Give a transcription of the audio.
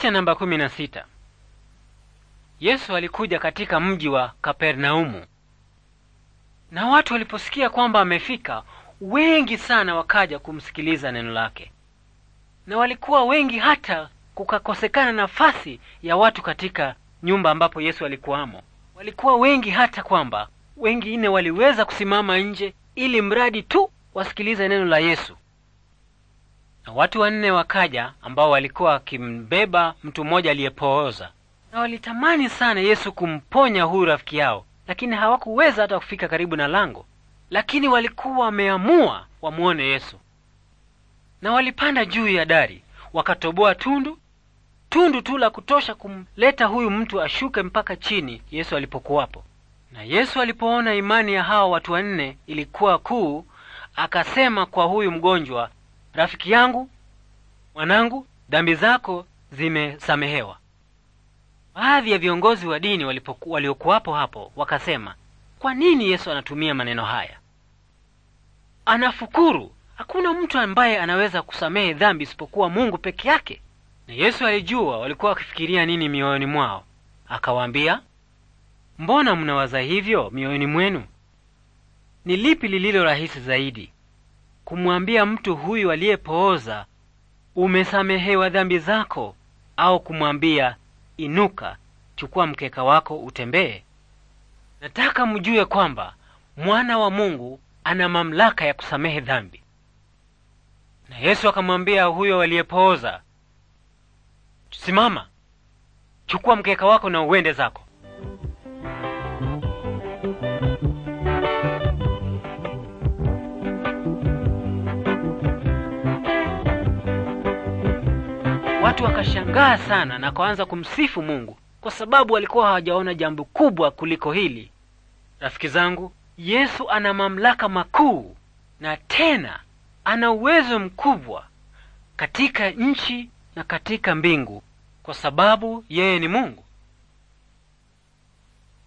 Picha namba kumi na sita. Yesu alikuja katika mji wa Kapernaumu, na watu waliposikia kwamba amefika, wengi sana wakaja kumsikiliza neno lake, na walikuwa wengi hata kukakosekana nafasi ya watu katika nyumba ambapo Yesu alikuwamo. Walikuwa wengi hata kwamba wengine waliweza kusimama nje ili mradi tu wasikilize neno la Yesu na watu wanne wakaja ambao walikuwa wakimbeba mtu mmoja aliyepooza, na walitamani sana Yesu kumponya huyu rafiki yao, lakini hawakuweza hata kufika karibu na lango, lakini walikuwa wameamua wamwone Yesu, na walipanda juu ya dari wakatoboa tundu tundu tu la kutosha kumleta huyu mtu ashuke mpaka chini Yesu alipokuwapo. Na Yesu alipoona imani ya hawa watu wanne ilikuwa kuu, akasema kwa huyu mgonjwa, rafiki yangu, mwanangu, dhambi zako zimesamehewa. Baadhi ya viongozi wa dini waliokuwapo hapo wakasema, kwa nini Yesu anatumia maneno haya? Anafukuru, hakuna mtu ambaye anaweza kusamehe dhambi isipokuwa Mungu peke yake. Na Yesu alijua walikuwa wakifikiria nini mioyoni mwao, akawaambia, mbona mnawaza hivyo mioyoni mwenu? Ni lipi lililo rahisi zaidi kumwambia mtu huyu aliyepooza umesamehewa dhambi zako, au kumwambia inuka, chukua mkeka wako utembee. Nataka mjue kwamba mwana wa Mungu ana mamlaka ya kusamehe dhambi. Na Yesu akamwambia huyo aliyepooza, simama, chukua mkeka wako na uende zako. Watu wakashangaa sana na kaanza kumsifu Mungu kwa sababu walikuwa hawajaona jambo kubwa kuliko hili. Rafiki zangu, Yesu ana mamlaka makuu na tena ana uwezo mkubwa katika nchi na katika mbingu kwa sababu yeye ni Mungu.